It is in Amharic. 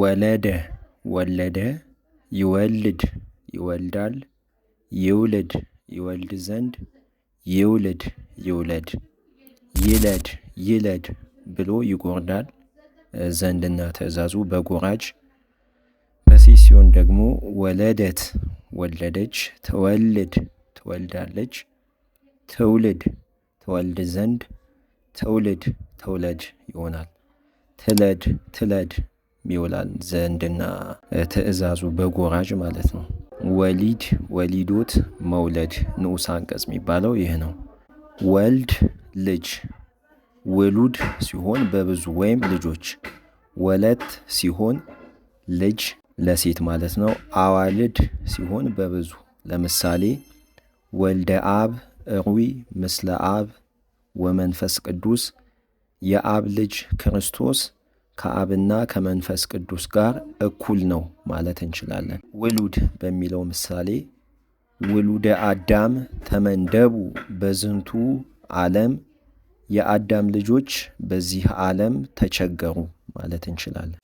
ወለደ ወለደ ይወልድ ይወልዳል ይውልድ ይወልድ ዘንድ ይውልድ ይውለድ ይለድ ይለድ ብሎ ይጎርዳል ዘንድና ትእዛዙ በጎራጅ በሴት ሲሆን ደግሞ ወለደት ወለደች ትወልድ ትወልዳለች ትውልድ ትወልድ ዘንድ ትውልድ ትውለድ ይሆናል። ትለድ ትለድ ይውላል ዘንድና ትእዛዙ በጎራጅ ማለት ነው። ወሊድ ወሊዶት መውለድ ንዑስ አንቀጽ የሚባለው ይህ ነው። ወልድ ልጅ፣ ውሉድ ሲሆን በብዙ ወይም ልጆች፣ ወለት ሲሆን ልጅ ለሴት ማለት ነው። አዋልድ ሲሆን በብዙ ለምሳሌ ወልደ አብ እሩይ ምስለ አብ ወመንፈስ ቅዱስ የአብ ልጅ ክርስቶስ ከአብና ከመንፈስ ቅዱስ ጋር እኩል ነው ማለት እንችላለን። ውሉድ በሚለው ምሳሌ ውሉደ አዳም ተመንደቡ በዝንቱ ዓለም፣ የአዳም ልጆች በዚህ ዓለም ተቸገሩ ማለት እንችላለን።